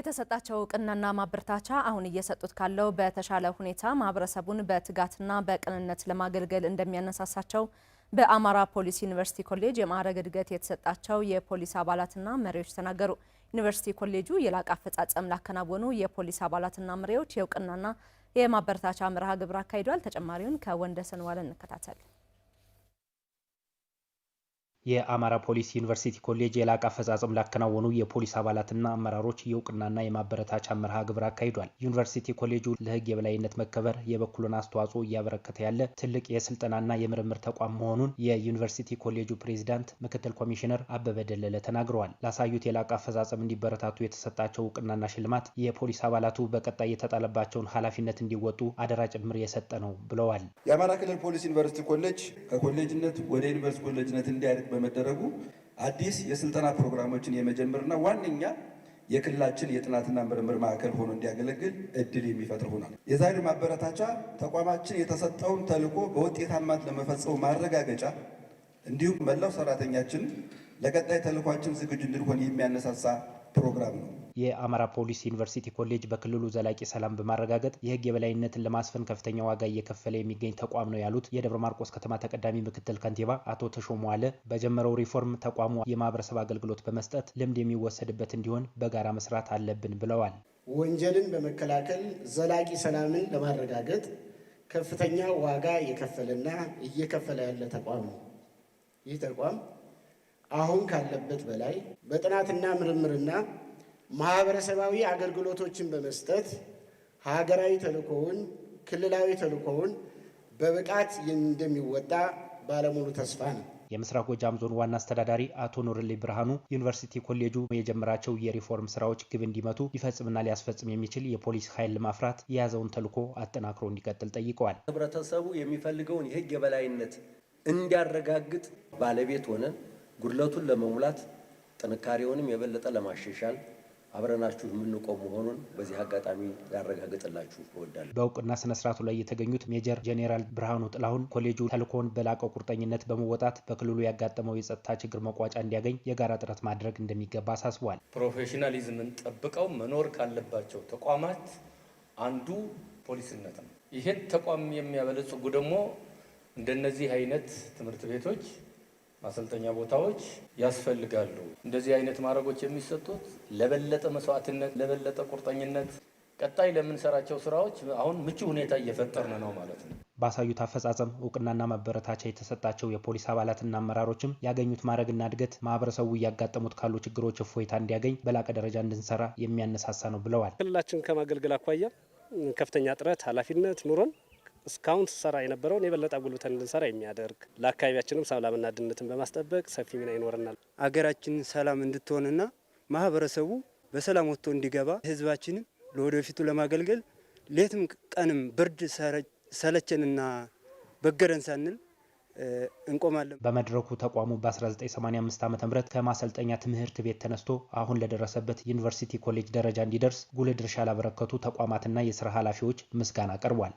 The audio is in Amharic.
የተሰጣቸው እውቅናና ማበረታቻ አሁን እየሰጡት ካለው በተሻለ ሁኔታ ማህበረሰቡን በትጋትና በቅንነት ለማገልገል እንደሚያነሳሳቸው በአማራ ፖሊስ ዩኒቨርሲቲ ኮሌጅ የማዕረግ እድገት የተሰጣቸው የፖሊስ አባላትና መሪዎች ተናገሩ። ዩኒቨርሲቲ ኮሌጁ የላቀ አፈጻጸም ላከናወኑ የፖሊስ አባላትና መሪዎች የእውቅናና የማበረታቻ መርሃ ግብር አካሂዷል። ተጨማሪውን ከወንደሰን ዋለ እንከታተል። የአማራ ፖሊስ ዩኒቨርሲቲ ኮሌጅ የላቀ አፈጻጸም ላከናወኑ የፖሊስ አባላትና አመራሮች የእውቅናና የማበረታቻ መርሃ ግብር አካሂዷል። ዩኒቨርሲቲ ኮሌጁ ለሕግ የበላይነት መከበር የበኩሉን አስተዋጽኦ እያበረከተ ያለ ትልቅ የስልጠናና የምርምር ተቋም መሆኑን የዩኒቨርሲቲ ኮሌጁ ፕሬዚዳንት ምክትል ኮሚሽነር አበበ ደለለ ተናግረዋል። ላሳዩት የላቀ አፈጻጸም እንዲበረታቱ የተሰጣቸው እውቅናና ሽልማት የፖሊስ አባላቱ በቀጣይ የተጣለባቸውን ኃላፊነት እንዲወጡ አደራ ጭምር የሰጠ ነው ብለዋል። የአማራ ክልል ፖሊስ ዩኒቨርሲቲ ኮሌጅ ከኮሌጅነት ወደ ዩኒቨርሲቲ ኮሌጅነት እንዲያድግ በመደረጉ አዲስ የስልጠና ፕሮግራሞችን የመጀመርና ዋነኛ የክልላችን የጥናትና ምርምር ማዕከል ሆኖ እንዲያገለግል እድል የሚፈጥር ሆናል። የዛሬው ማበረታቻ ተቋማችን የተሰጠውን ተልዕኮ በውጤታማነት ለመፈጸሙ ማረጋገጫ እንዲሁም መላው ሰራተኛችን ለቀጣይ ተልኳችን ዝግጁ እንድንሆን የሚያነሳሳ ፕሮግራም ነው። የአማራ ፖሊስ ዩኒቨርሲቲ ኮሌጅ በክልሉ ዘላቂ ሰላም በማረጋገጥ የህግ የበላይነትን ለማስፈን ከፍተኛ ዋጋ እየከፈለ የሚገኝ ተቋም ነው ያሉት የደብረ ማርቆስ ከተማ ተቀዳሚ ምክትል ከንቲባ አቶ ተሾሞ አለ በጀመረው ሪፎርም ተቋሙ የማህበረሰብ አገልግሎት በመስጠት ልምድ የሚወሰድበት እንዲሆን በጋራ መስራት አለብን ብለዋል። ወንጀልን በመከላከል ዘላቂ ሰላምን ለማረጋገጥ ከፍተኛ ዋጋ እየከፈለና እየከፈለ ያለ ተቋም ነው። ይህ ተቋም አሁን ካለበት በላይ በጥናትና ምርምርና ማህበረሰባዊ አገልግሎቶችን በመስጠት ሀገራዊ ተልእኮውን፣ ክልላዊ ተልእኮውን በብቃት እንደሚወጣ ባለሙሉ ተስፋ ነው። የምስራቅ ጎጃም ዞን ዋና አስተዳዳሪ አቶ ኑርሌ ብርሃኑ ዩኒቨርሲቲ ኮሌጁ የጀመራቸው የሪፎርም ስራዎች ግብ እንዲመቱ ሊፈጽምና ሊያስፈጽም የሚችል የፖሊስ ኃይል ለማፍራት የያዘውን ተልኮ አጠናክሮ እንዲቀጥል ጠይቀዋል። ህብረተሰቡ የሚፈልገውን የህግ የበላይነት እንዲያረጋግጥ ባለቤት ሆነን ጉድለቱን ለመሙላት ጥንካሬውንም የበለጠ ለማሻሻል አብረናችሁ የምንቆም መሆኑን በዚህ አጋጣሚ ላረጋግጥላችሁ እወዳለሁ። በእውቅና ስነ ስርዓቱ ላይ የተገኙት ሜጀር ጄኔራል ብርሃኑ ጥላሁን ኮሌጁ ተልእኮውን በላቀ ቁርጠኝነት በመወጣት በክልሉ ያጋጠመው የጸጥታ ችግር መቋጫ እንዲያገኝ የጋራ ጥረት ማድረግ እንደሚገባ አሳስቧል። ፕሮፌሽናሊዝምን ጠብቀው መኖር ካለባቸው ተቋማት አንዱ ፖሊስነት ነው። ይህን ተቋም የሚያበለጽጉ ደግሞ እንደነዚህ አይነት ትምህርት ቤቶች ማሰልጠኛ ቦታዎች ያስፈልጋሉ። እንደዚህ አይነት ማዕረጎች የሚሰጡት ለበለጠ መስዋዕትነት፣ ለበለጠ ቁርጠኝነት ቀጣይ ለምንሰራቸው ስራዎች አሁን ምቹ ሁኔታ እየፈጠርን ነው ማለት ነው። ባሳዩት አፈጻጸም እውቅናና ማበረታቻ የተሰጣቸው የፖሊስ አባላትና አመራሮችም ያገኙት ማዕረግና እድገት ማህበረሰቡ እያጋጠሙት ካሉ ችግሮች እፎይታ እንዲያገኝ በላቀ ደረጃ እንድንሰራ የሚያነሳሳ ነው ብለዋል። ክልላችን ከማገልገል አኳያ ከፍተኛ ጥረት ኃላፊነት ኑሮን እስካሁን ስሰራ የነበረውን የበለጠ ጉልበተን እንድንሰራ የሚያደርግ ለአካባቢያችንም ሰላምና ደህንነትን በማስጠበቅ ሰፊ ሚና ይኖረናል። አገራችን ሰላም እንድትሆንና ማህበረሰቡ በሰላም ወጥቶ እንዲገባ ህዝባችንን ለወደፊቱ ለማገልገል ሌትም ቀንም ብርድ ሰለቸንና በገረን ሳንል እንቆማለን። በመድረኩ ተቋሙ በ1985 ዓ ም ከማሰልጠኛ ትምህርት ቤት ተነስቶ አሁን ለደረሰበት ዩኒቨርሲቲ ኮሌጅ ደረጃ እንዲደርስ ጉልህ ድርሻ ላበረከቱ ተቋማትና የስራ ኃላፊዎች ምስጋና ቀርቧል።